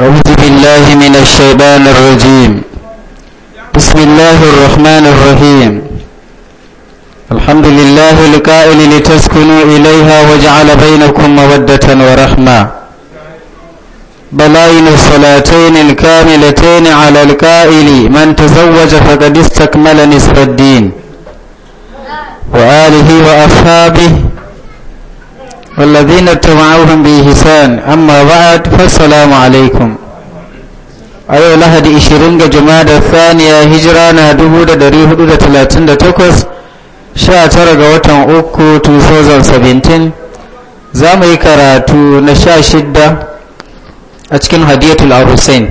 أعوذ بالله من الشيطان الرجيم بسم الله الرحمن الرحيم الحمد لله القائل لتسكنوا إليها وجعل بينكم مودة ورحمة بلاين الصلاتين الكاملتين على القائل من تزوج فقد استكمل نصف الدين وآله وأصحابه والذين اتبعوهم بإحسان أما بعد فالسلام عليكم a yau lahadi 20 ga jumada thaniya hijira na 1438 19 ga watan 3 2017 za mu yi karatu na 16 a cikin hadiyatul hussein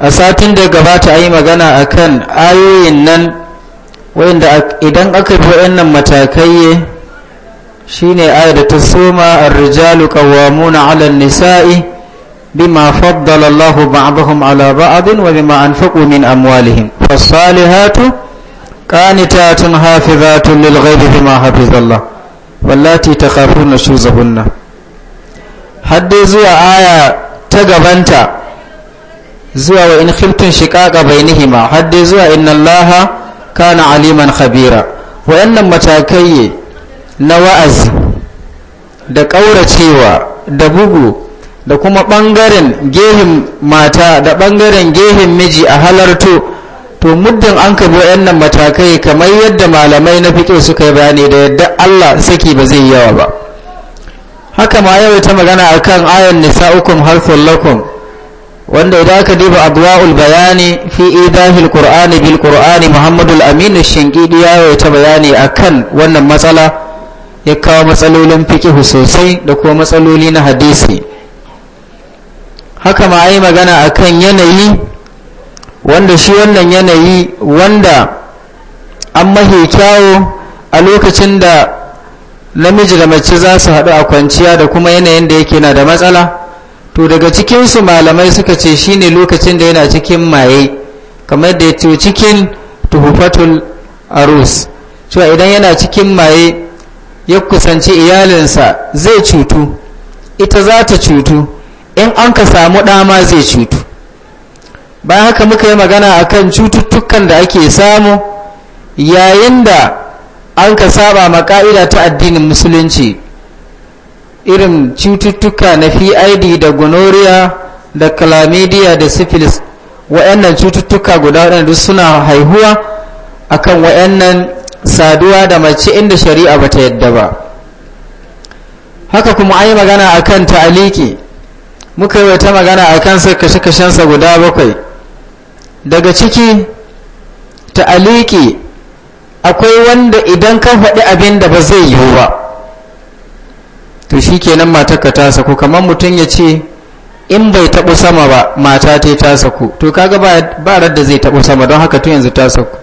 a satin da gabata a yi magana kan ayoyin nan idan aka bi waɗannan matakai shine ayar da ta soma ar-rijalu qawwamuna 'ala an-nisa'i bima faddala Allahu ba'dahum 'ala ba'din wa bima anfaqu min amwalihim fas-salihatu qanitatun hafizatun lil-ghaibi bima hafizallah wallati takhafuna shuzahunna hadde zuwa aya ta gabanta zuwa wa in khiftum shiqaqa bainihima hadde zuwa inna Allaha kana aliman khabira wa'annan matakai na wa'azi da ƙauracewa da bugu da kuma ɓangaren gehin mata da ɓangaren gehin miji a halarto to muddin an ka bi wayannan matakai kamar yadda malamai na fito suka yi bayani da yadda Allah saki ba zai yawa ba haka ma yau ta magana a kan ayan nisa'ukum har lakum wanda idan aka diba adwa'ul bayani fi idahil qur'ani bil qur'ani muhammadul aminu shinkidi ya ta bayani akan wannan matsala ya kawo matsalolin fikihu sosai da kuma matsaloli na hadisi haka ma ai magana a kan yanayi wanda shi wannan yanayi wanda an mahe kyawo a lokacin da namiji da mace za su haɗu a kwanciya da kuma yanayin da yake na da matsala to daga cikinsu malamai suka ce shi ne lokacin da yana cikin maye kamar da ya cikin tuhufatul arus cewa idan yana cikin maye ya kusanci iyalinsa zai cutu ita za ta cutu in an ka samu dama zai cutu bayan haka muka yi magana a kan cututtukan da ake samu yayin da an ka saba maka'ida ta addinin musulunci irin cututtuka na pid da gonorrhea da chlamydia da syphilis wa'annan cututtuka guda waɗanda suna haihuwa akan wa'annan saduwa da mace inda shari'a bata yadda ba haka kuma ayi magana akan ta'aliki muka yi wata magana akan sa kashe sa guda bakwai daga ciki ta'aliki akwai wanda idan ka faɗi abin da ba zai yiwu ba to shi kenan ka ta saku kamar mutum ya ce in bai taɓu sama ba mata ta saku to kaga ba da zai taɓu sama don haka tun yanzu ta saku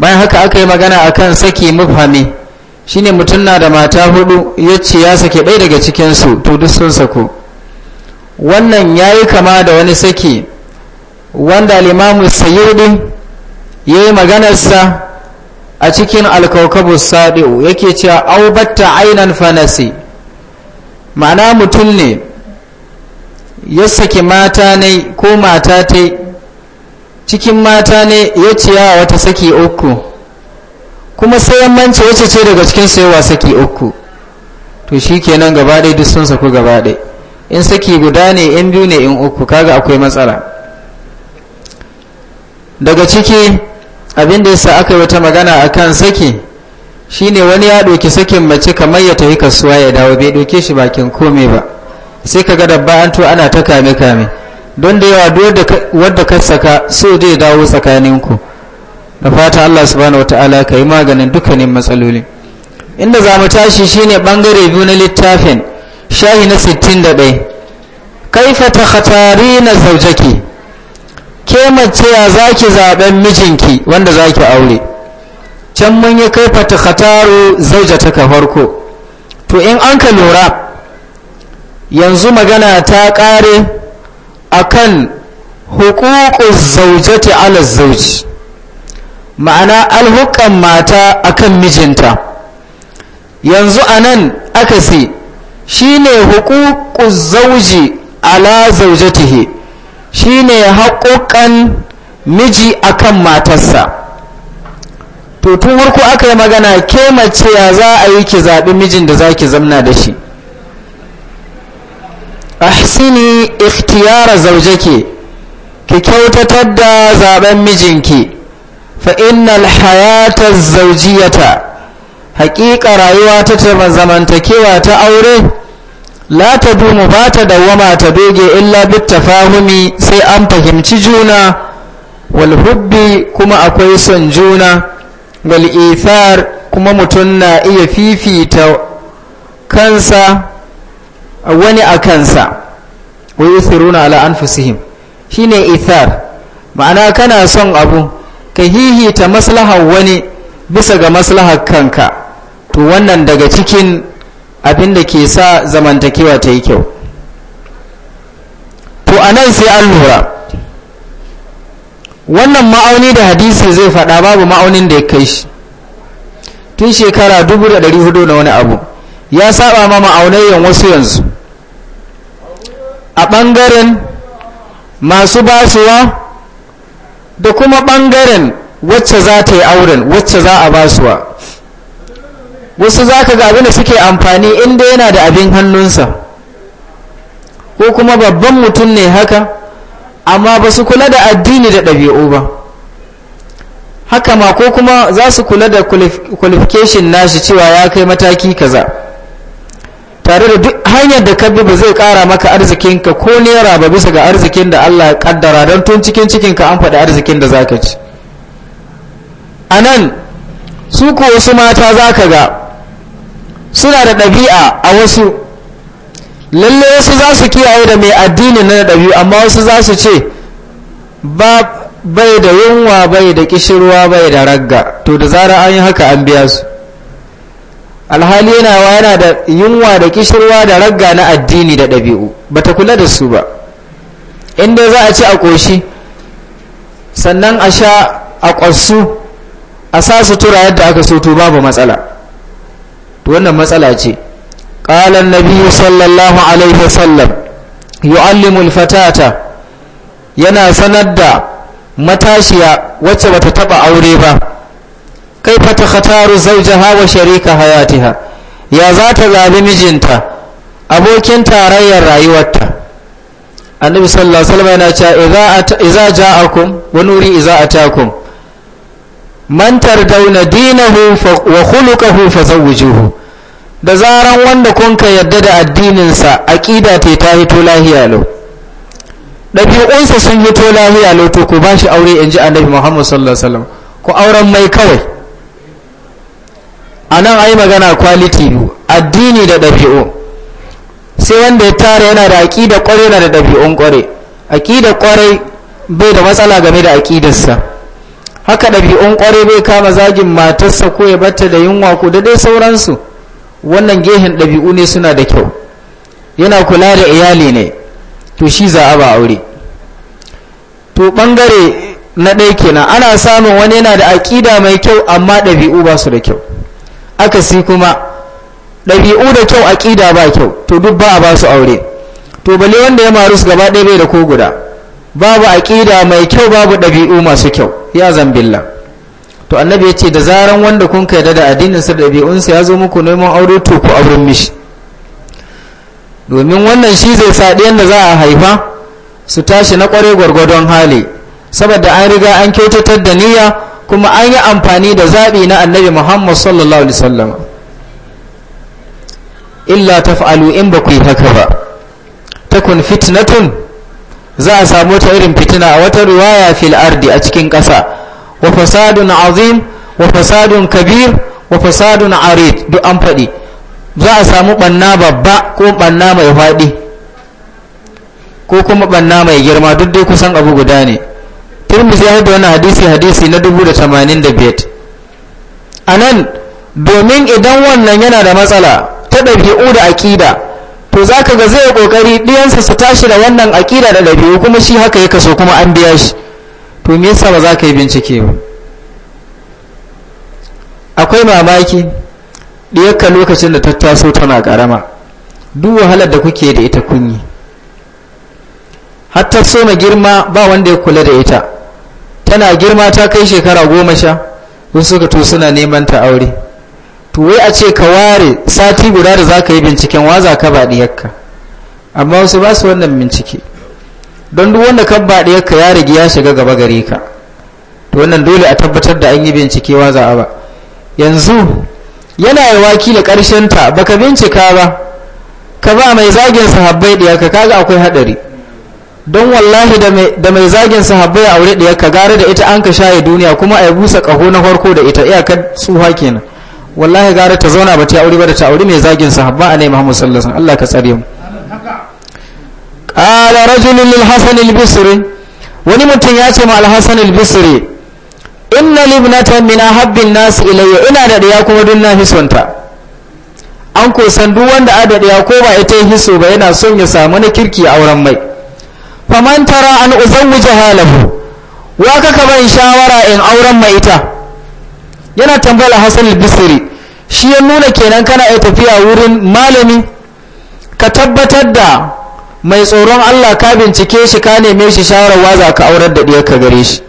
bayan haka aka yi magana a kan saki shi shine mutum na da mata hudu ya ce ya sake ɗaya daga cikinsu to duk sun sako wannan ya yi kama da wani saki wanda limamu sayyidi ya yi maganarsa a cikin alkaukabu sadi'u yake cewa aubatta ainan fanasi ma'ana mutum ne ya saki mata ne ko mata ta cikin mata ne ya ciya wata saki uku kuma sai mance wace ce daga cikin wa saki uku to shi kenan gaba ɗaya duk sun saku gaba ɗaya in saki guda ne in biyu ne in uku kaga akwai matsala daga ciki abin da yasa aka yi wata magana akan saki shine wani ya ɗauki sakin mace kamar ya tafi kasuwa ya dawo bai ɗauke shi bakin komai ba sai kaga dabba an to ana ta kame kame don da yawa wadda ka saka so zai dawo tsakaninku da fata Allah subhanahu wataala ka yi maganin dukkanin matsaloli inda za mu tashi shine bangare biyu na littafin shahi na 61 kaifa ta khatari na zaujaki ke mace ya zaki zaben mijinki wanda zaki aure can mun yi kaifa ta khataru zaujata ka farko to in an ka lura yanzu magana ta kare akan hukukun zaujati ala zauji ma'ana alhukan mata akan mijinta yanzu anan akasi shine hukukun zauji ala zaujatihi shine haƙoƙan miji akan matarsa to tun aka yi magana ke mace ya za a yi ki zaɓi mijin da za ki zamna da shi ahsini ikhtiyara zaujaki ki kyautatar da zaben mijinki fa innal hayata zaujiyata haƙiƙa rayuwa ta zamantakewa ta aure la ta ba ta dawama ta doge illa bit tafahumi sai an fahimci juna wal hubbi kuma akwai son juna wal ithar kuma mutum na iya fifita kansa wani a kansa wa runa ala anfusihim shine ithar ma'ana kana son abu ka hihita maslahar wani bisa ga maslahar kanka to wannan daga cikin abin da ke sa zamantakewa ta yi kyau to a nan sai an lura wannan ma'auni da hadisi zai fada babu ma'aunin da ya kai shi tun shekara 1400 na wani abu ya saba ma ma'aunayyan wasu yanzu a ɓangaren masu basuwa da kuma ɓangaren wacce za ta yi auren wacce za a basuwa wasu za ka gabi da suke amfani inda yana da abin hannunsa ko kuma babban mutum ne haka amma ba su kula da addini da ɗabi'u ba haka ma ko kuma za su kula da qualification nashi cewa ya kai mataki kaza tare da duk hanyar da ka bi ba zai kara maka arzikinka ko naira ba bisa ga arzikin da Allah ya kaddara don tun cikin cikinka an faɗi arzikin da zaka ci a nan su ko wasu mata za ga suna da ɗabi'a a wasu lalle wasu za su kiyaye da mai addini na ɗabi'u amma wasu za su ce ba bai da yunwa bai da kishirwa bai da ragga to da zara an yi haka an biya su alhali yana wa yana da yunwa da kishirwa da ragga na addini da ɗabi'u ba ta kula da su ba inda za a ci a ƙoshi sannan a sha a ƙwasu a sa su tura yadda aka so to babu matsala to wannan matsala ce ƙalan biyu sallallahu alaihi wasallam yu'allimul fatata yana sanar da matashiya wacce bata taɓa aure ba kaifa ta khataru zawjaha wa sharika hayatiha ya za ta zabi mijinta abokin tarayyar rayuwarta annabi sallallahu alaihi wasallam yana cewa idza ja'akum wa nuri idza atakum man tardawna dinahu wa khuluquhu fazawwijuhu da zaran wanda kun ka yadda da addininsa aqida ta ta hito lahiya lau ɗabi'unsa sun hito lahiya lau to ku bashi aure inji annabi Muhammad sallallahu alaihi wasallam ku auren mai kawai a nan a yi magana kwaliti biyu addini da ɗabi'u sai wanda ya tara yana da aƙida ƙwarai yana da ɗabi'un ƙwarai aƙida ƙwarai bai da matsala game da aƙidarsa haka ɗabi'un ƙwarai bai kama zagin matarsa ko ya bata da yunwa ko da dai sauransu wannan gehen ɗabi'u ne suna da kyau yana kula da iyali ne to shi za a ba aure to ɓangare na ɗaya kenan ana samun wani yana da aƙida mai kyau amma ɗabi'u ba su da kyau aka si kuma ɗabi'u da kyau aƙida ba kyau to duk ba a ba su aure to bale wanda ya marus gaba ɗaya bai da ko guda babu aƙida mai kyau babu ɗabi'u masu kyau ya zambilla to annabi ya ce da zaran wanda kun ka yadda da addinin sa ɗabi'unsa ya zo muku neman aure to ku auren mishi domin wannan shi zai sa ɗiyan da za a haifa su tashi na ƙware gwargwadon hali saboda an riga an kyautatar da niyya kuma an yi amfani da zaɓi na annabi muhammad sallallahu alaihi wasallam illa taf'alu in ba ku yi haka ba takun fitnatun za a samu ta irin fitina a wata riwaya fil ardi a cikin ƙasa wa fasadun azim wa fasadun kabir wa fasadun arid duk an faɗi za a samu ɓanna babba ko ɓanna mai faɗi ko kuma ɓanna mai girma duk dai kusan abu guda ne tirmidhi ya da wani hadisi hadisi na 1085 anan domin idan wannan yana da matsala ta ɗabi'u da aƙida to za ga zai ƙoƙari ɗiyansa su tashi da wannan akida da dabi'u kuma shi haka ya kaso kuma an biya shi to me yasa ba za ka yi bincike ba akwai mamaki ɗiyarka lokacin da ta tana karama duk wahalar da kuke da ita kunyi har so na girma ba wanda ya kula da ita tana girma ta kai shekara goma sha su suka to suna neman ta aure to wai a ce ka ware sati guda da za ka yi binciken waza ka ba ɗiyarka amma wasu ba su wannan bincike don duk wanda ka ba ɗiyarka ya rigi ya shiga gaba gare ka to wannan dole a tabbatar da an yi bincike waza a ba yanzu yana yawa kila ƙarshenta baka bincika ba ka ba mai zagin sahabbai ɗiyarka kaga akwai haɗari don wallahi da mai zagin sahabbai a wuri ɗaya ka gara da ita an ka shaye duniya kuma a yi busa ƙaho na farko da ita iyakar tsuha kenan wallahi gara ta zauna ba ta aure ba da ta aure mai zagin sahabba a ne Muhammadu sallallahu alaihi Allah ka tsare mu qala rajulun lil hasan al bisri wani mutum ya ce ma al hasan al bisri inna libnata min ahabbin nas ilayya ina da ya kuma dun na hisonta an ko san duk wanda adada ya ko ba ita hiso ba yana son ya samu na kirki auren mai faman tara an uzawwija lahu wa kaka ban shawara in auren ma ita yana tambayar Hassan bisiri shi ya nuna kenan kana iya tafiya wurin malami ka tabbatar da mai tsoron Allah ka bincike shi ka neme shi wa za ka aurar da ka gare shi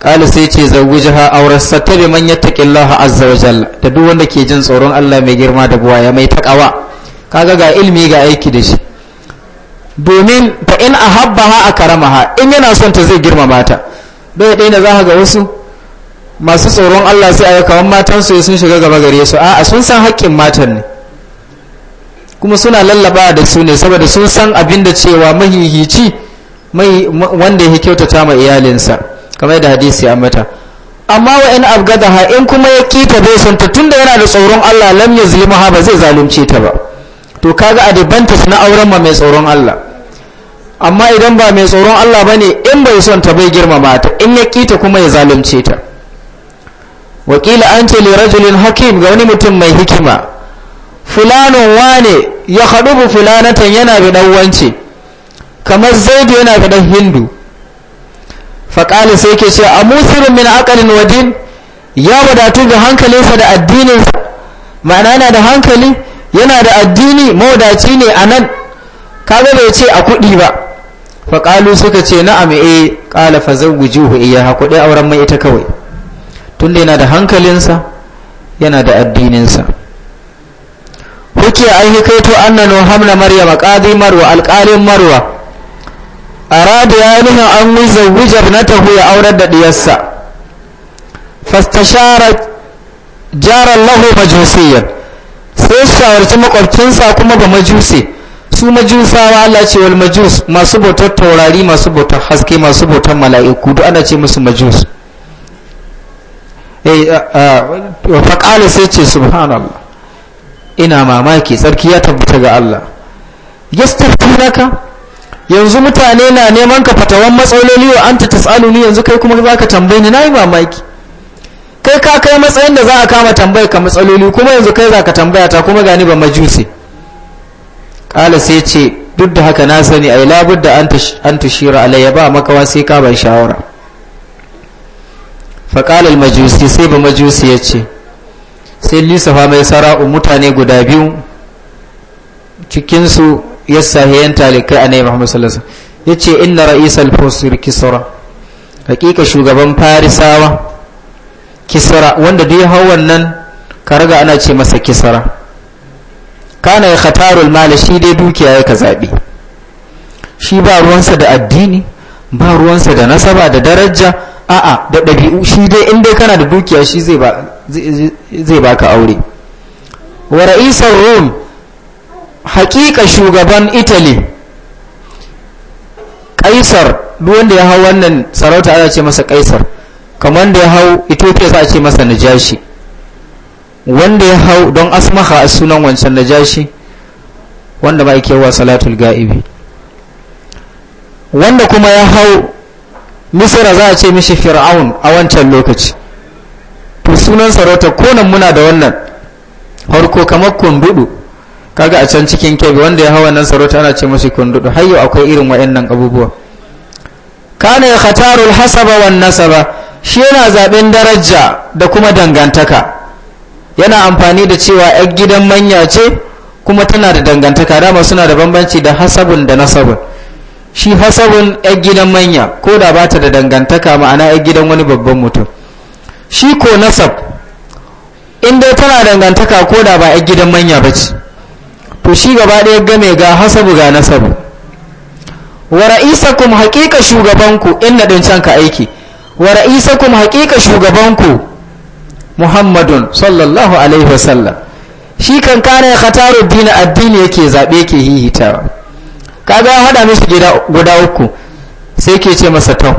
ƙali sai ce zawujaha aurar sata bi man yattaqillaha azza wa jalla da duk wanda ke jin tsoron Allah mai girma da ya mai takawa kaga ga ilmi ga aiki da shi domin fa in ha karama ha in yana son ta zai girmama ta bai ɗaya da za ga wasu masu tsoron Allah sai aya kawan matan su sun shiga gaba gare su a'a sun san haƙƙin matan ne kuma suna lallaba da su ne saboda sun san abin da cewa mahihici wanda ya kyautata ma iyalinsa kamar da hadisi ya mata amma wa in abgadaha in kuma ya kita bai son ta tunda yana da tsoron Allah lam yazlimaha ba zai zalunce ta ba to kaga advantage na auren ma mai tsoron Allah amma idan ba mai tsoron Allah bane in bai son ta bai girmama ta in ya kita kuma ya zalunce ta wakila anta li rajulin hakim ga wani mutum mai hikima fulano wane ya haɗubu fulanatan yana da wance kamar zaidu yana dan hindu faƙali sai ke ce a musirin min aqalin wadin ya wadatu ga hankalinsa da addinin sa, ma'ana yana da hankali yana da addini mawadaci ne a nan kaga bai ce a kuɗi ba faƙalu suka ce na'am eh ƙala fa zawwijuhu iya kuɗi auren mai ita kawai tunda yana da hankalinsa yana da addininsa hukiya an nanu hamna maryama maƙadi marwa alƙalin marwa rada ya nuna an wuzawwijar na ta ya aurar da diyarsa fastashara jaran lahu majusiyar sai shawarci makwabcinsa kuma ba majuse su majusawa Allah ce wal majus masu bautar taurari masu bautar haske masu bautar mala'iku duk ana ce musu majus eh faqala sai ce subhanallah ina mamaki tsarki ya tabbata ga Allah yastafinaka yanzu mutane na neman ka fatawan matsaloli wa anta tasaluni yanzu kai kuma zaka tambaye ni nayi mamaki kai ka kai matsayin da za a kama tambaya ka matsaloli kuma yanzu kai za ka tambaya ta kuma gani ba majusi kala sai ce duk da haka na sani a yi labar da an tushira alayya ba makawa sai ka ban shawara faƙalar majusi sai ba majusi ya ce sai lissafa mai sara'u mutane guda biyu cikinsu ya sahiyan talikai a nai musulunsa ya ce inna raisar fosir kisra hakika shugaban farisawa kisara wanda da ya hau wannan ka karaga ana ce masa kisara kana ya khatarul mali shi dai dukiya ya ka zaɓi shi ba ruwansa da addini ba ruwansa da nasaba da daraja a'a da ɗabi'u shi dai in dai kana da dukiya shi zai baka aure wa ra'isar rum haƙiƙa shugaban italy kaisar duk wanda ya hau wannan sarauta ana ce masa kaisar kamar da ya hau ethiopia za a ce masa najashi wanda ya hau don asmaha a sunan wancan najashi wanda ba wa salatul ga'ibi wanda kuma ya hau misira za a ce mishi fir'aun a wancan lokaci to sunan sarauta konan muna da wannan harko kamar kundudu kaga a can cikin kebe wanda ya hau wannan sarauta ana ce mishi kundudu har akwai irin waɗannan abubuwa kana ya khatarul hasaba wan nasaba shi yana zaben daraja da kuma dangantaka yana amfani da cewa yar gidan manya ce kuma tana da dangantaka dama suna da bambanci da hasabun da nasabun shi hasabun yar gidan manya ko da ba ta da dangantaka ma'ana yar gidan wani babban mutum shi ko nasab in dai tana dangantaka ko da ba yar gidan manya ba ce to shi gaba ɗaya game ga hasabu ga nasabu wa ra'isakum haƙiƙa shugabanku in na ɗin can ka aiki wa ra'isakum haqiqa shugabanku muhammadun sallallahu alaihi wasallam shi kan kare khataru din addini yake zabe ke hihitawa kaga ya hada mishi guda uku sai ke ce masa to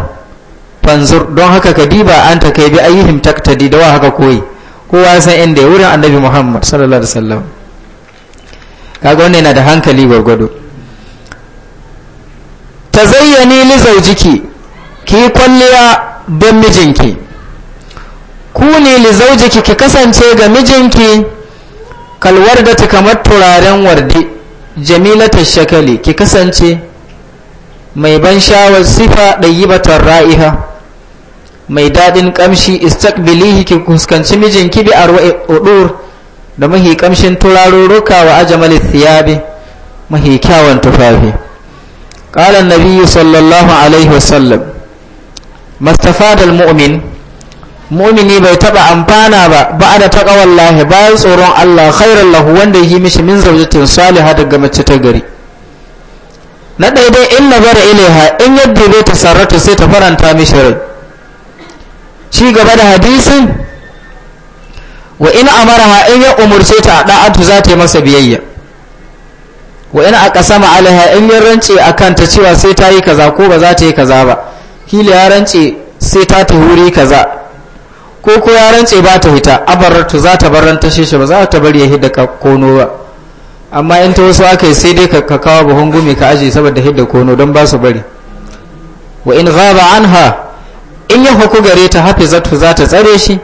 fanzur don haka ka diba an ta kai bi ayyuhim taktadi da wa haka koyi kowa san inda wurin annabi muhammad sallallahu alaihi wasallam kaga wannan yana da hankali gwargwado tazayyani li zawjiki ki kwalliya don mijinki kuni li zaujiki ki kasance ga mijinki kalwar da ta kamar turaren wardi jamilatar shakali ki kasance mai ban shawar sifa ɗayyibatar ra'iha mai daɗin ƙamshi istakbilihi ki fuskanci mijinki bi arwa udur da mahi ƙamshin turarurruka wa ajamal thiyabi mahi kyawun tufafi ƙalar nabi sallallahu alaihi wasallam mastafadal mu'min mu'mini bai taba amfana ba ba da lahi bayan tsoron Allah khairan lahu wanda yi mishi min zawjatin salihah daga mace ta gari na daidai in nazara ilaiha in yadda bai sarrata sai ta faranta mishi rai ci gaba da hadisin wa in amara in ya umurce ta da'atu za ta yi masa biyayya wa in aqsama alaiha in yarance akan ta cewa sai ta yi kaza ko ba za ta yi kaza ba kila ya rance sai ta ta wuri kaza ko ko ya rance ba ta hita abararta za ta baranta shi ba za ta bar ya hidda ka kono ba amma in ta wasu aka yi sai dai ka kawo buhun gumi ka aje saboda hidda kono don ba su bari wa in ghaba anha in ya hako gare ta hafizatu za ta tsare shi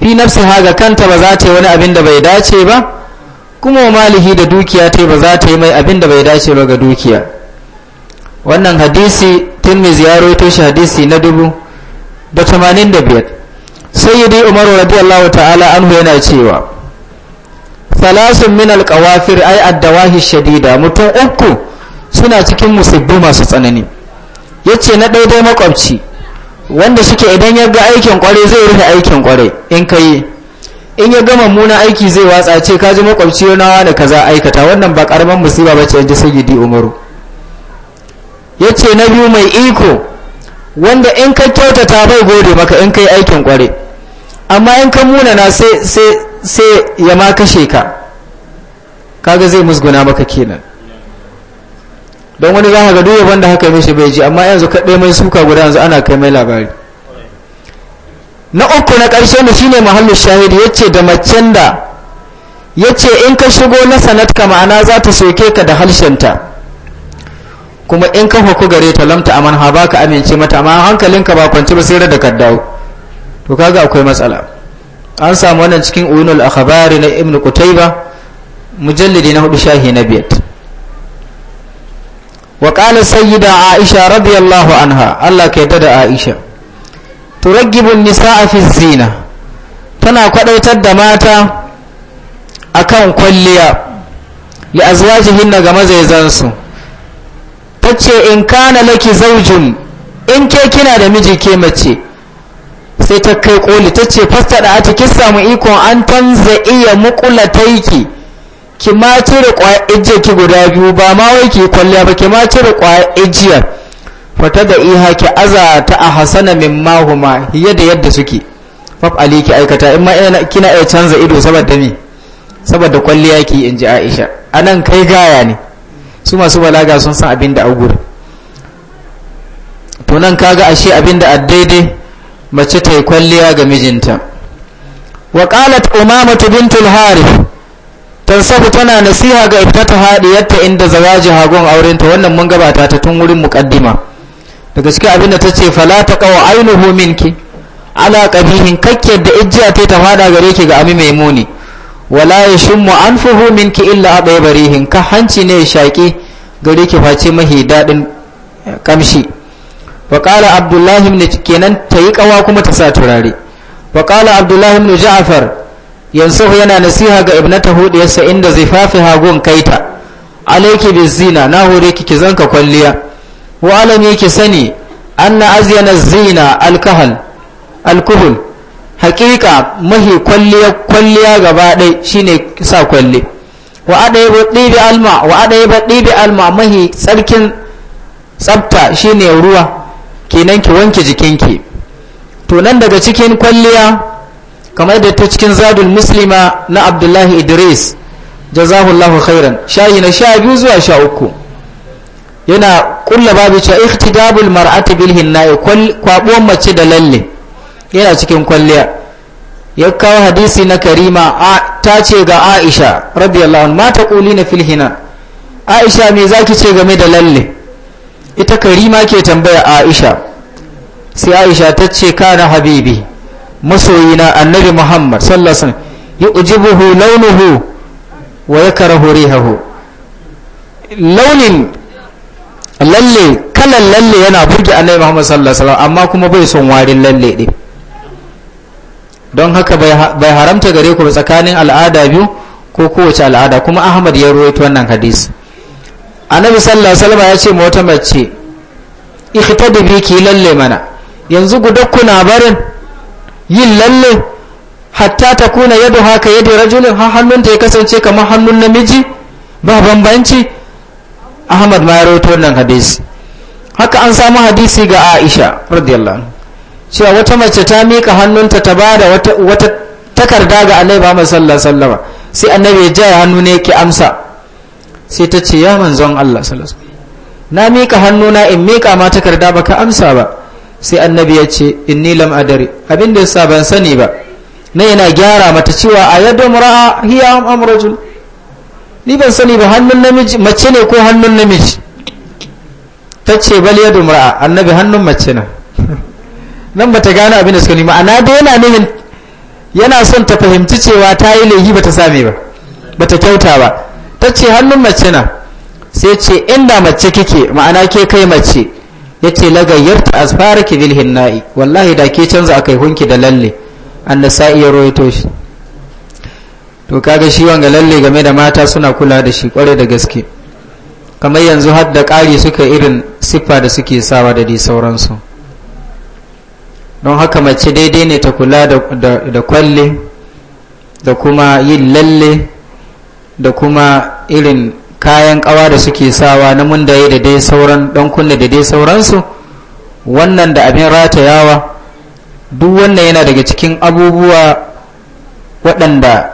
fi ha ga kanta ba za ta yi wani abin da bai dace ba kuma malihi da dukiya ta ba za ta yi mai abin da bai dace ba ga dukiya wannan hadisi tirmizi ya rawaito shi hadisi na dubu da tamanin da biyar sayyidi umar radiyallahu ta'ala anhu yana cewa thalasun min alqawafir ay addawahi shadida mutum uku suna cikin musibbu masu tsanani yace na daidai makwabci wanda suke idan ya ga aikin kware zai rufe aikin kware in kai in ya gama muna aiki zai watsa ce ka kaji makwabci nawa da kaza aikata wannan ba karaman musiba bace inji sayyidi umaru yace na biyu mai iko wanda in ka kyautata bai gode maka in kai aikin kware amma in ka munana sai sai ya ma kashe ka kaga zai musguna maka kenan don wani za ka ga duk wanda haka mishi bai ji amma yanzu ka mai suka guda yanzu ana kai mai labari na uku na ƙarshe da shine muhallin shahidi yace da macen da yace in ka shigo na sanatka ma'ana za ta soke ka da halshenta kuma in ka ku gare ta lamta aman ha baka amince mata amma hankalinka ba kwanci ba sai da ka dawo to kaga akwai matsala an samu wannan cikin uyunul akhbari na ibnu kutayba mujallidi na hudu shahi na biyat wa qala sayyida aisha radiyallahu anha Allah ka yadda da aisha turaggibu nisaa fi zina tana kwadaitar da mata akan kwalliya li azwajihinna ga mazaizansu ta ce in kana laki zaujin in ke kina da miji ke mace sai ta kai koli ta ce da a cikin samu ikon an tanza iya mukula taiki ki ma cire kwaya ijiyar ki guda biyu ba ma wai ki kwalliya ba ki ma cire kwaya ijiyar fata da iha ki aza ta a hasana min mahuma hiye da yadda suke fab ali ki aikata in ma kina iya canza ido saboda me saboda kwalliya ki in ji aisha anan kai gaya ne su masu balaga sun san abin da augur to nan kaga ashe abin da addaidai mace ta yi kwalliya ga mijinta wa qalat umamatu bintul harith tansabu tana nasiha ga ibtata hadiyarta inda zawaji hagon aurenta wannan mun gabata ta tun wurin muqaddima daga cikin abin da ce fala taqaw ainuhu minki ala ƙabihin kakkiyar da ijiya ta ta fada gare ki ga ami maimuni wala ya mu an fuhu ki illa a bari ka hanci ne ya shaƙi gari ki face mahi daɗin kamshi wa ƙala abdullahi ne kenan ta yi ƙawa kuma ta sa turare wa ƙala abdullahi ne ja'far yanzu yana nasiha ga ibnatahu diyarsa inda zai fafi hagun kaita alaiki zina na hore ki ki zanka kwalliya wa ki sani anna azyana zina alkahal alkuhul hakika mahi kwalliya gaba ɗai shine sa kwalli wa ba ɗibi alma mahi tsarkin tsabta shine ruwa kenan ki wanke jikinki to nan daga cikin kwalliya kamar da ta cikin zadul muslima na abdullahi idris jazahullahu khairan shayi na sha biyu zuwa sha uku yana kulla babu cewa ikhtidabul mar'ati bil hinna kwabuwan mace da lalle yana cikin kwalliya ya kawo hadisi na karima ta ce ga aisha radiyallahu anha mata kuli na filhina aisha me zaki ce game da lalle ita karima ke tambaya aisha sai aisha ta ce kana habibi masoyina annabi muhammad sallallahu alaihi wasallam yu'jibuhu launuhu wa yakrahu rihahu launin lalle kalan lalle yana burge annabi muhammad sallallahu alaihi wasallam amma kuma bai son warin lalle din don haka bai haramta gare ku tsakanin al'ada biyu ko kowace al'ada kuma ahmad ya ruwaito wannan hadisi annabi sallallahu alaihi wasallam ya ce wata mace da biyu ki lalle mana yanzu guda na barin yin lalle hatta ta kuna yadu haka yadda rajulin har hannunta ya kasance kamar hannun namiji ba bambanci ahmad ma ya ruwaito wannan hadisi haka an samu hadisi ga aisha radiyallahu cewa wata mace ta miƙa hannunta ta ba da wata takarda ga annabi ba sallallahu alaihi sai annabi ya jaya hannu ne ki amsa sai ta ce ya manzon Allah sallallahu alaihi na miƙa hannuna in miƙa ma takarda ba ka amsa ba sai annabi ya ce inni lam adari abin da yasa ban sani ba na yana gyara mata cewa a yadda mura'a hiya am amrajul ni ban sani ba hannun namiji mace ne ko hannun namiji ta ce bal yadda mura'a annabi hannun mace na nan bata gane abin da suka nima ma'ana da yana nufin yana son ta fahimci cewa ta yi laihi bata same ba bata kyauta ba ta ce hannun mace na sai ce inda mace kike ma'ana ke kai mace ya ce asfara ki bil hinna'i wallahi da ke canza a kai hunki da lalle an da sa iya roito shi to kaga shi wanga lalle game da mata suna kula da shi kware da gaske kamar yanzu har da ƙari suka irin siffa da suke sawa da dai sauransu don haka mace daidai ne ta kula da kwalle da kuma yin lalle da kuma irin kayan kawa da suke sawa na mundaye da dai sauran don kunne da dai sauransu wannan da abin rata yawa duk wannan yana daga cikin abubuwa waɗanda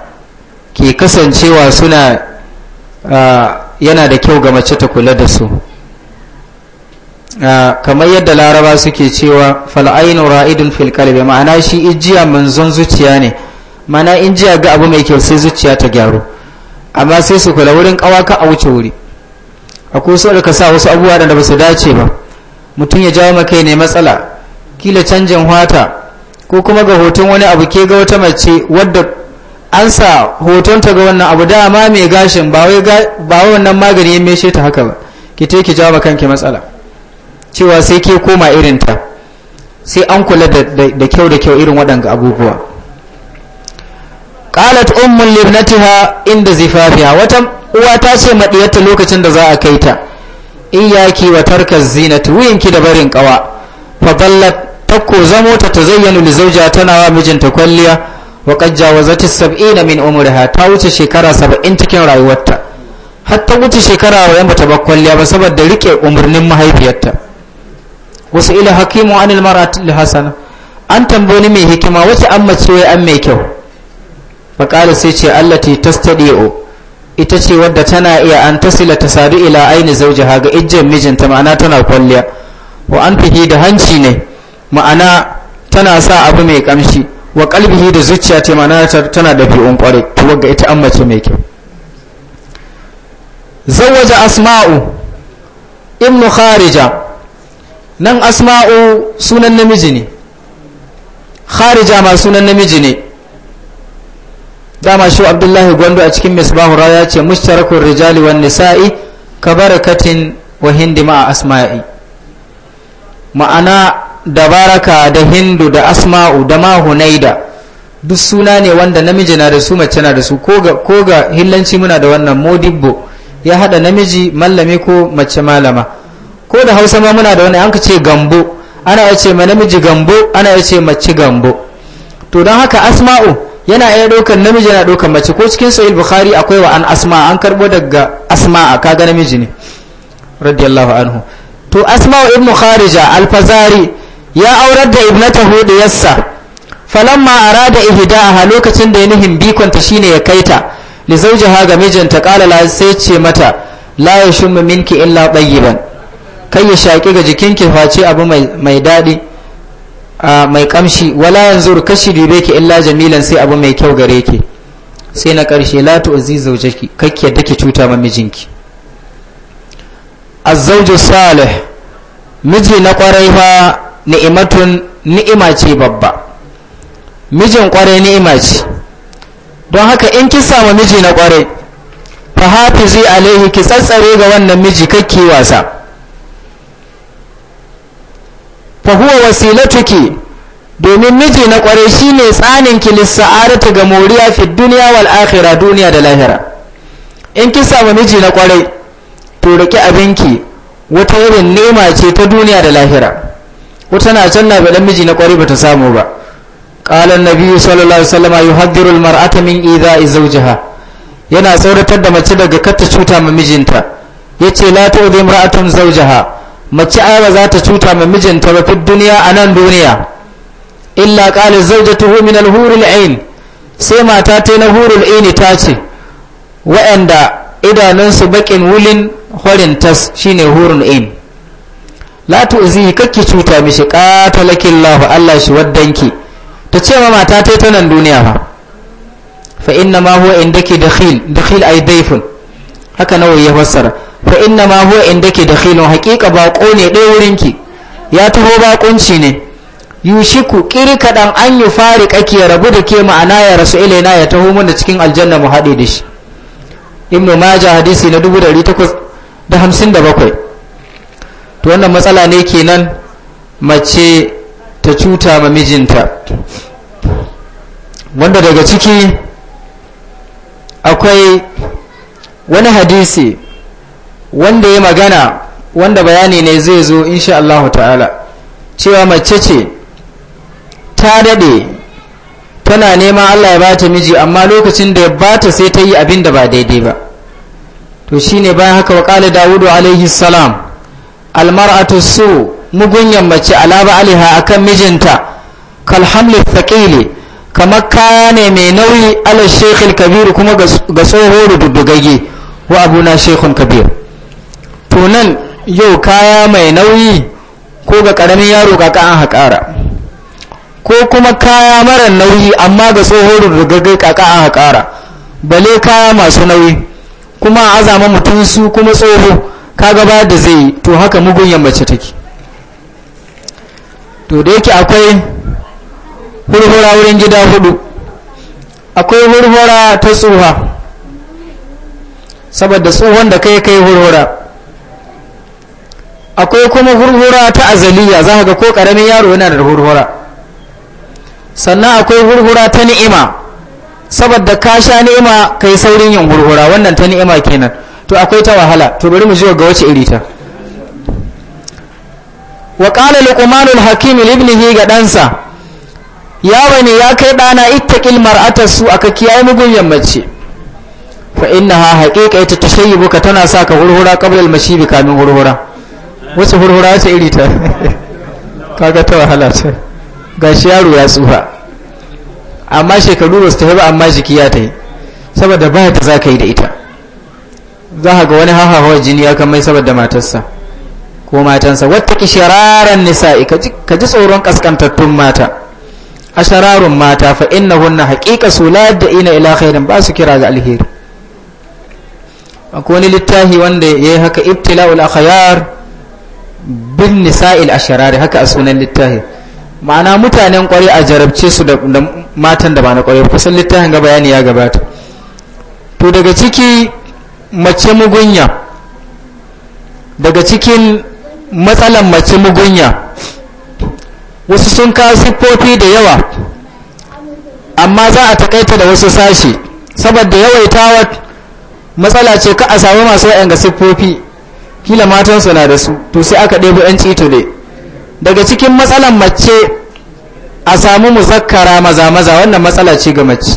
ke kasancewa suna ah, yana da kyau ga mace ta kula da su Ah, kamar yadda laraba suke cewa fal'ainu ra'idun filkalibe ma'ana shi ijiya manzon zuciya ne mana in jiya ga abu mai kyau sai zuciya ta gyaru amma sai su kula wurin kawaka a wuce wuri a kusa da ka sa wasu abubuwa da ba su dace ba mutum ya jawo maka ne matsala kila canjin hwata ko kuma ga hoton wani abu ke ga wata mace wadda an sa hoton ta ga wannan abu dama mai gashin ba wai wannan magani ya meshe ta haka ba ki yi ki jawo maka matsala cewa sai ke koma irin ta sai an kula da kyau da kyau irin waɗanga abubuwa ƙalat ummul libnatiha inda zifafiya wata uwa ta ce maɗiyarta lokacin da za a kai ta iyaki wa tarkaz zinati ki da barin kawa fa ballat takko zamo ta tazayyanu da zauja tana wa mijinta kwalliya wa qad jawazat as na min umriha ta wuce shekara saba'in cikin rayuwarta har ta wuce shekara wa ta ba kwalliya ba saboda riƙe umarnin mahaifiyarta wasu ila hakimu anil maratil hasana an tambayi mai hikima wace an mace wai an mai kyau faqala sai ce allati tastadi'u ita ce wadda tana iya an tasila ta sadu ila aini zawjaha ga ijjan mijinta ma'ana tana kwalliya wa an fihi da hanci ne ma'ana tana sa abu mai kamshi wa kalbihi da zuciya ta ma'ana tana da fi'un kware to ga ita an mace mai kyau zawaja asma'u ibnu kharija nan asma'u sunan namiji ne kharija ma sunan namiji ne dama shi abdullahi gwando a cikin misbahu ya ce mushtarakun rijali wan nisa'i ka barakatin wa hindi ma asma'i ma'ana da baraka da hindu da asma'u da ma hunaida duk suna ne wanda namiji na da su mace na da su ko ga hillanci muna da wannan modibbo ya hada namiji mallame ko mace malama ko da hausa ma muna da wani an ce gambo ana ya ce namiji gambo ana ya ce mace gambo to don haka asma'u yana iya ɗaukar namiji na ɗaukar mace ko cikin sahih bukhari akwai wa an asma an karbo daga asma asma'a kaga namiji ne radiyallahu anhu to asma'u ibn kharija alfazari ya aurar da ibnata hudu yassa falamma arada ihdaha lokacin da ya nihin bikonta shine ya kaita li zawjaha ga mijinta qala la sai ce mata la yashum minki illa tayyiban kai ya shaƙi ga jikin ki face abu mai daɗi mai kamshi wala yanzu kashi dube ki illa jamilan sai abu mai kyau gare ki sai na ƙarshe la tu'zi zawjaki kakki yadda ki cuta ma mijinki a zawju salih miji na kwarai fa ni'imatun ni'ima ce babba mijin kwarai ni'ima ce don haka in ki samu miji na kwarai fa hafizi alaihi ki tsatsare ga wannan miji kakki wasa fa huwa wasilatuki domin miji na kware shine tsanin ki lissa'adatu ga moriya fi duniya wal akhirah duniya da lahira in ki samu miji na kware to riki abinki wata irin nema ce ta duniya da lahira wata na can na dan miji na kware ta samu ba qala nabi sallallahu alaihi wasallam yuhaddiru al-mar'ata min idha'i yana sauratar da mace daga katta cuta ma mijinta yace la imra'atun zawjaha mace ayaba za ta cuta ma mijinta ba duniya a nan duniya illa qala zawjatuhu min alhurul ain sai mata ta na hurul ain ta ce waɗanda idanunsu bakin wulin horin tas shi ne hurul ain la tu'zihi kakki cuta mishi qatalakillahu Allah shi waddanki ta ce ma mata ta ta nan duniya fa fa inna ma huwa ke dakhil dakhil ay daifin haka nawa ya fassara fa inna ma huwa indake dakhilun haqiqa baqo ne dai wurinki ya taho bakunci ne yushiku kiri kadan an yi fari ya rabu da ke ma'ana ya rasu ilaina ya taho mana cikin aljanna mu haɗe da shi ibnu majah hadisi na 1857 to wannan matsala ne kenan mace ta cuta ma mijinta wanda daga ciki akwai wani hadisi wanda ya magana wanda bayani ne zai zo insha Allah ta'ala cewa mace ce ta dade tana nema Allah ya ba ta miji amma lokacin da ya bata sai ta yi abin da ba daidai ba to shine bayan haka wa qala Dawudu alaihi salam almar'atu su mugunyan mace alaba aliha akan mijinta kal hamli kamar kaya ne mai nauyi ala shekhil kabiru kuma ga tsoho da duddugage wa abuna shekhun kabir yaro nan yau kaya mai nauyi ko ga ƙaramin yaro ga ka an haƙara ko kuma kaya mara nauyi amma ga tsohon rigagai kaka an haƙara bale kaya masu nauyi kuma a azama mutum su kuma tsoho ka gaba da zai yi to haka mugun yammace take to da yake akwai hurhura wurin gida hudu akwai hurhura ta tsoha saboda tsohon da kai kai hurhura akwai kuma hurhura ta azaliya za ga ko karamin yaro yana da hurhura sannan akwai hurhura ta ni'ima saboda ka sha ni'ima ka yi saurin yin hurhura wannan ta ni'ima kenan to akwai ta wahala to bari mu ga wace iri ta wa luqman luqmanul hakim ibnihi ga ɗansa ya bani ya kai ɗana ittaqil mar'ata su aka kiyaye mugun yammace fa innaha haqiqa ita tana saka hurhura qabla al-mashibi kamin hurhura wasu hurhura ce iri ta kaga ta wahala ce shi yaro ya tsufa amma shekaru ba su tafi ba amma jiki ya ta yi saboda ba ta za ka yi da ita za ka ga wani hahawa jini ya kamai saboda matarsa ko matansa wata ki shararan nisa ka ji tsoron kaskantattun mata a shararun mata fa inna hunna haƙiƙa su da ina ila khairin ba su kira ga alheri akwai wani littafi wanda ya yi haka ul akhayar bin nisa'il asharari haka a sunan littafi ma'ana mutanen kwari a jarabce su da matan da ba na kwari kusan littafin ga bayani ya gabata to daga ciki mace mugunya daga cikin matsalan mace mugunya wasu sun kawo siffofi da yawa amma za a takaita da wasu sashi saboda yawaitawa matsala ce ka a samu masu ga siffofi kila matansu na da su to sai aka ɗebo 'yan ne daga cikin matsalan mace a samu muzakkara maza maza wannan matsala ce ga mace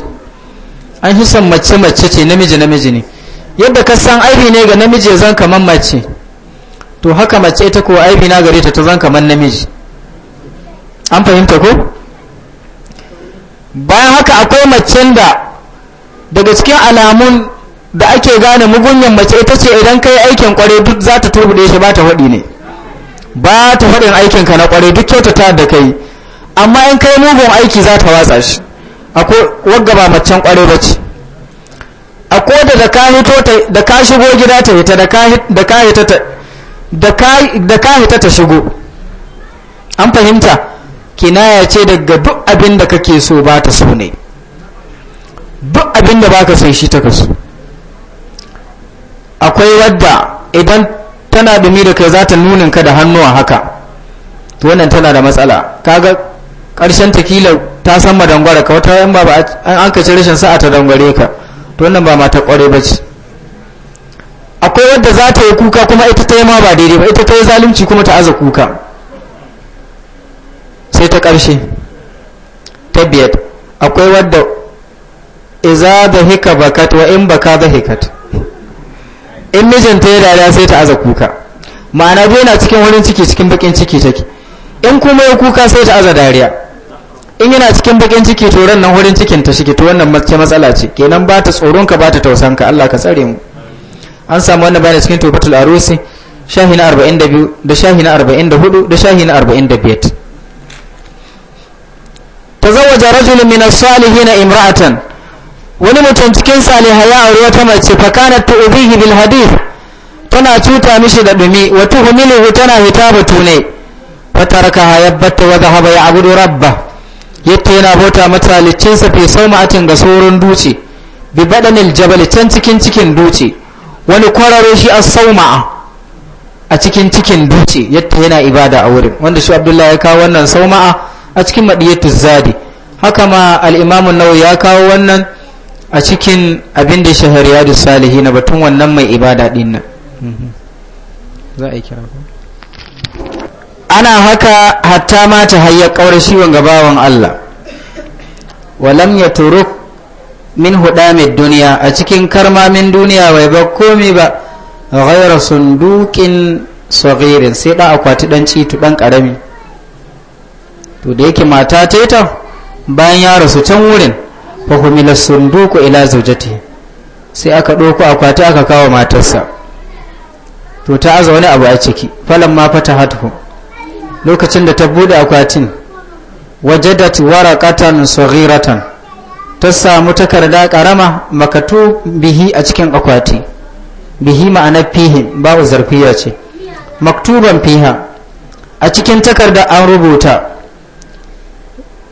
an fi son mace mace ce namiji namiji ne yadda ka san aibi ne ga namiji zan kaman mace to haka mace ta ko aibi na gare ta to zan kaman namiji an fahimta ko bayan haka akwai macen da daga cikin alamun da ake gane mugunyan mace ita ce idan kai aikin kware duk za ta turbude shi ba ta faɗi ne ba ta faɗin aikinka na kware duk ta da kai amma in kai mugun aiki za ta watsa shi akwai wagga ba macen kware ba ce a da ka hito da ka shigo gida ta hita da ka hita ta da ka hita ta shigo an fahimta kinaya ce daga duk abin da kake so ba ta so ne duk abin da baka sai shi ta kasu. akwai wadda idan tana dumi da kai za ta nuninka ka da hannuwa haka to wannan tana da matsala kaga karshen takila ta san madangwara ka wata yan ba an anka kace rashin sa'a ta dangware ka to wannan ba mata kware ba ce akwai wadda za ta yi kuka kuma ita ta yi ma ba daidai ba ita ta yi zalunci kuma ta aza kuka sai ta karshe ta biyar akwai wadda iza da hika bakat wa in baka da hikat in mijinta ya dariya sai ta aza kuka ma'ana biyu na cikin wurin ciki cikin bakin ciki take in kuma ya kuka sai ta aza dariya in yana cikin bakin ciki to ran nan wurin cikin ta shige to wannan mace matsala ce kenan ba ta tsoron ka ba ta tausan ka Allah ka tsare mu an samu wannan bayani cikin tubatul arusi shahi na 42 da shahi na 44 da shahi na 45 tazawwaja rajulun min as-salihin imra'atan wani mutum cikin salihai ya aure wata mace fakana tu'dhihi bil hadith tana cuta mishi da dumi wa tuhmiluhu tana hitaba tune fataraka hayabbata wa dhahaba ya'budu rabba yatta yana bauta mata sa fi saumatin ga sorun duci bi badanil jabal can cikin cikin duci wani kwararo shi as-sauma a cikin cikin duci yatta yana ibada a wurin wanda shi Abdullahi ya kawo wannan sauma a cikin madiyatu zadi haka ma al-Imam nawawi ya kawo wannan a cikin abin da shahar yadda salihi na batun wannan mai ibada din za a yi kira ana haka hatta ma ta hayyar kawar shiwon gabawan Allah walam ya turu min mai duniya a cikin karmamin duniya bai ba komi ba ghayra sundukin tsogirin sai da akwati dan citu ɗan karami to da yake mata taita bayan ya rasu can wurin fa humila sunduku ila zaujati sai aka ɗauko akwati aka kawo matarsa to ta aza wani abu a ciki falan ma fata hatu lokacin da ta bude akwatin wajadat waraqatan saghiratan ta samu takarda karama makatu bihi a cikin akwati bihi ma'ana fihi ba'u zarfiya ce maktuban fiha a cikin takarda an rubuta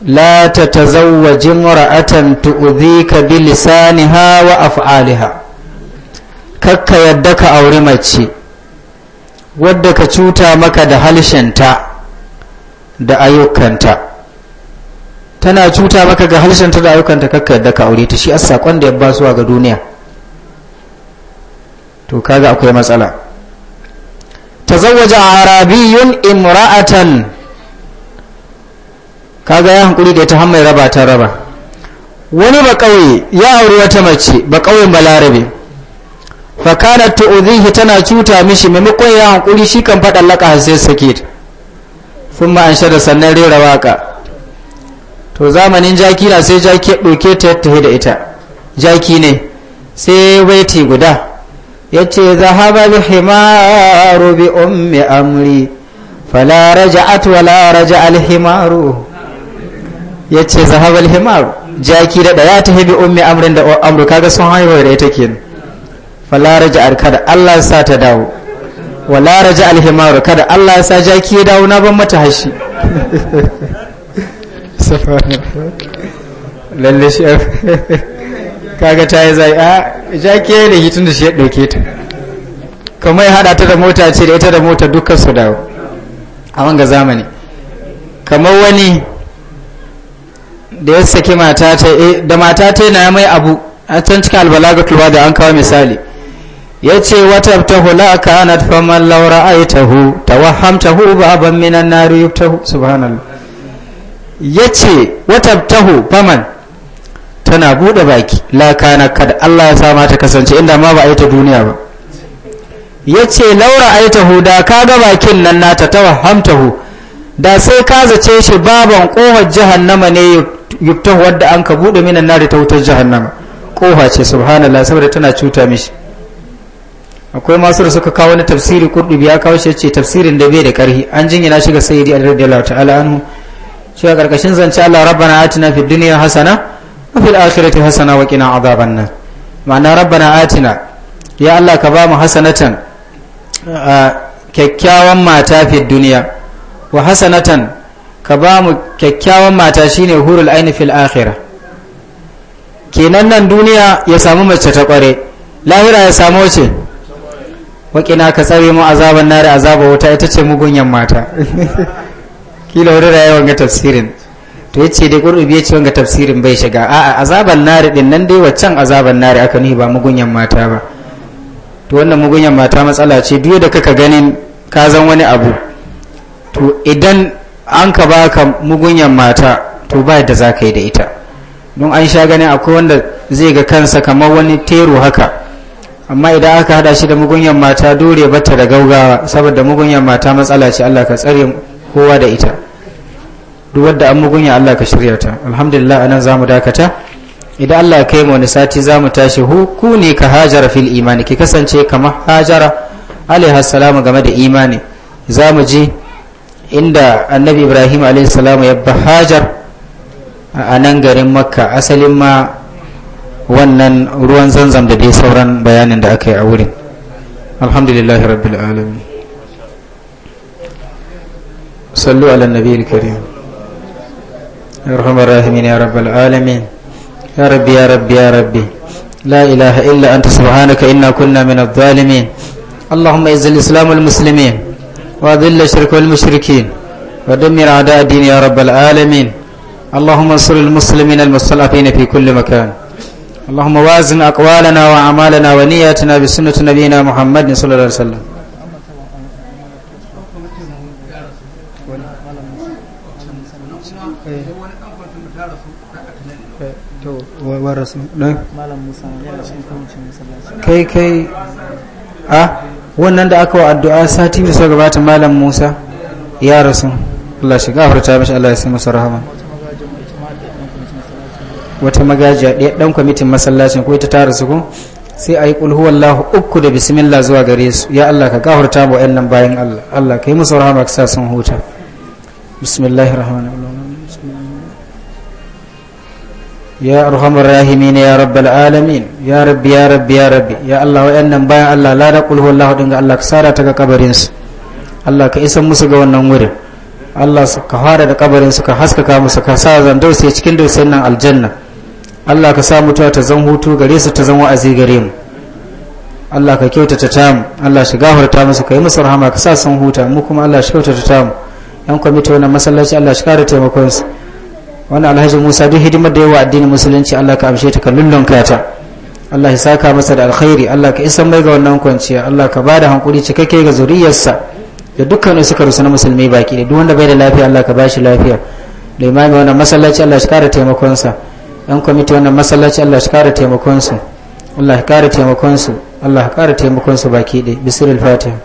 لا تتزوج امرأة تؤذيك بلسانها وأفعالها kakka yadda ka auri mace wadda ka cuta maka da halshenta da ayyukanta tana cuta maka ga halshenta da ayyukanta kakka yadda ka aure ta shi as sakon ya basuwa ga duniya to kaga akwai matsala tazawwaja arabiyun imra'atan kaga ya hankuri da ta ya raba ta raba wani ba kawai ya auri wata mace ba kauyen balarabe fa kana tu'dhihi tana cuta mishi maimakon ya hankuri shi kan faɗa laka sai sake sun an shada sannan rera waka to zamanin jaki na sai jaki ya ɗauke ta ya da ita jaki ne sai waiti guda ya ce zahaba bi himaru bi ummi amri fala raja'at wala raja al himaru ya ce zahabal himar jaki da ɗaya ta hebe ummi amurin da amuru kaga sun haihuwa da ita kenan falara ja'ar kada allah sa ta dawo walara ji alhimar kada Allah sa jaki ya dawo na ban mata hashi lalle shi kaga ta yi zai a jaki ya yi da shi ya ɗauke ta kamar ya hada ta da mota ce da ita da mota dukkan su dawo a wanga zamani kamar wani da ya saki mata ta eh, da mata ta na mai abu a can ga albalagatul da an kawo misali ya ce wata ta hula ka ana faman laura aitahu ta hu ba ban minan nari hana subhanallah ya ce wata hu faman tana bude baki la kana kad Allah ya sa ta kasance inda ma ba a yi ta duniya ba ya ce laura aitahu da ka ga bakin nan nata ta hu. da sai ka zace shi baban kohar jahannama ne yuftahu wadda an ka bude minan nari ta wutar jahannama koha ce subhanallah saboda tana cuta mishi akwai masu da suka kawo wani tafsiri kurdubi ya kawo shi ce tafsirin da bai da karhi an jinyina shi ga sayyidi radiyallahu ta'ala anhu shi a karkashin zance Allah rabbana atina fid dunya hasana wa fil akhirati hasana wa qina adhaban nar ma'ana rabbana atina ya Allah ka ba mu hasanatan kyakkyawan mata fid duniya wa hasanatan ka ba mu kyakkyawan mata shine hurul aini fil akhirah kenan nan duniya ya samu mace ta kware lahira ya samu wace waƙina ka tsare mu azaban nari azaba wuta ita ce mugunyan mata kila wani rayuwa ga tafsirin to ya ce dai ƙurɗubi ya ce wanga tafsirin bai shiga a'a azaban nari ɗin nan dai waccan azaban nari aka nuhi ba mugunyan mata ba to wannan mugunyan mata matsala ce duk da kaka ganin ka zan wani abu to idan an ka baka mugunyan mata to ba yadda za ka yi da ita don an sha ganin akwai wanda zai ga kansa kamar wani teru haka amma idan aka hada shi da mugunyan mata dore bata da gaugawa saboda mugunyan mata matsala ce Allah ka tsare kowa da ita duk wanda an mugunya Allah ka shirya ta alhamdulillah anan zamu dakata idan Allah ya kai mu wani sati zamu tashi hu ku ne ka hajara fil imani ki kasance kamar hajara alaihi assalamu game da imani zamu ji inda annabi ibrahim alaihissalam ya ba hajar a nan garin makka asalin ma wannan ruwan zanzam da dai sauran bayanin da aka yi a wurin alhamdulillahi rabbil alamin sallu ala nabi karim ya rahmar rahimin ya rabbal alamin ya rabbi ya rabbi ya rabbi la ilaha illa anta subhanaka inna kunna min adh-dhalimin allahumma izzil islamul muslimin وأذل شرك المشركين ودمر أعداء الدين يا رب العالمين اللهم انصر المسلمين المستضعفين في كل مكان اللهم وازن أقوالنا وأعمالنا ونياتنا بسنة نبينا محمد صلى الله عليه وسلم ورسم نعم كي kai a آه؟ wannan da aka wa addu'a sati da suka gabata malam musa ya rasu Allah shi gafarta mashi Allah ya sai masa rahama wata magajiya ɗaya ɗan kwamitin masallacin ko ita ta rasu ko sai a yi Wallahu uku da bismillah zuwa gare su ya Allah ka gafarta wa 'yan nan bayan Allah Allah ka yi musu rahama ka sa sun huta bismillahir rahmanir ya arhamar rahimin ya rabbal alamin ya rabbi ya rabbi ya rabbi ya Allah wayannan bayan Allah la da qul huwallahu din ga Allah ka sada ta ga kabarin su Allah ka isan musu ga wannan wurin Allah ka fara da kabarin su ka haskaka musu ka sa zan dausa cikin dausayin nan aljanna Allah ka sa mutuwa ta zan hutu gare su ta zan wa'azi gare mu Allah ka kyautata ta mu Allah shi gafarta musu ka yi musu rahama ka sa sun huta mu kuma Allah shi kyautata ta mu yan kwamiti wannan masallaci Allah shi kare taimakon su wani alhaji musa duk hidimar da yawa addinin musulunci allah ka amshe ta kallon lullunka ta allah ya saka masa da alkhairi allah ka isan mai ga wannan kwanciya allah ka ba da hankuri cikakke ga zuriyarsa da dukkan suka rusu na musulmi baki da duk wanda bai da lafiya allah ka ba shi lafiya da imami wannan masallaci allah shi kara taimakonsa yan kwamiti wannan masallaci allah shi kara taimakonsu allah ya kara taimakonsu allah ya kara taimakonsu baki ɗaya bisirul fatiha